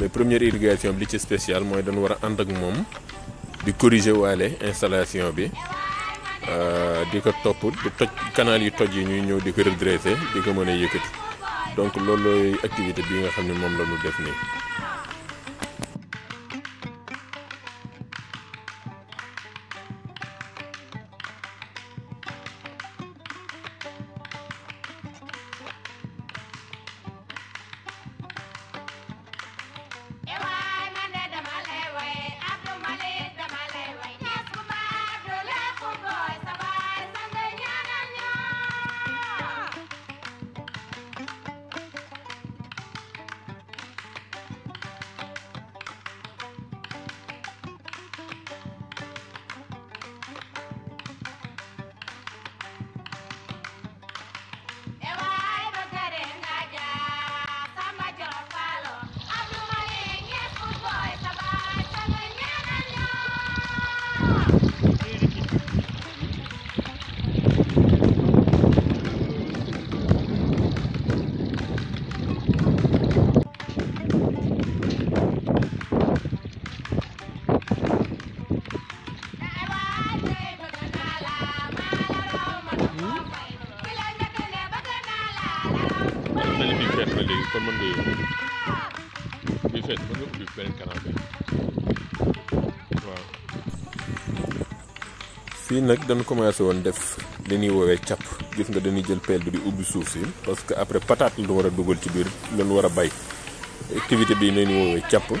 mais première irrigation bi ci spécial mooy dañu wara and ak mom di corriger walé installation bi euh diko top du toj canal yu toj yi ñuy ñëw di redresser diko ko mën donc loolu activité bi nga xamni mom moom la ñu def ni fees na bi fees fii nag dañ commencé woon def li ñuy woowee càpp gis nga dañuy jël peel bi di ubbi suuf si parce que après patate lu war a dugal ci biir lañu war a bay activité bii nañu woowee càpp euh,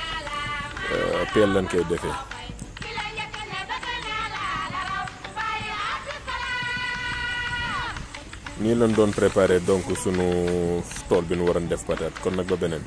peel lan koy defee. nii lañ doon préparé donc sunu tool bi nu war a def patate kon nag ba beneen.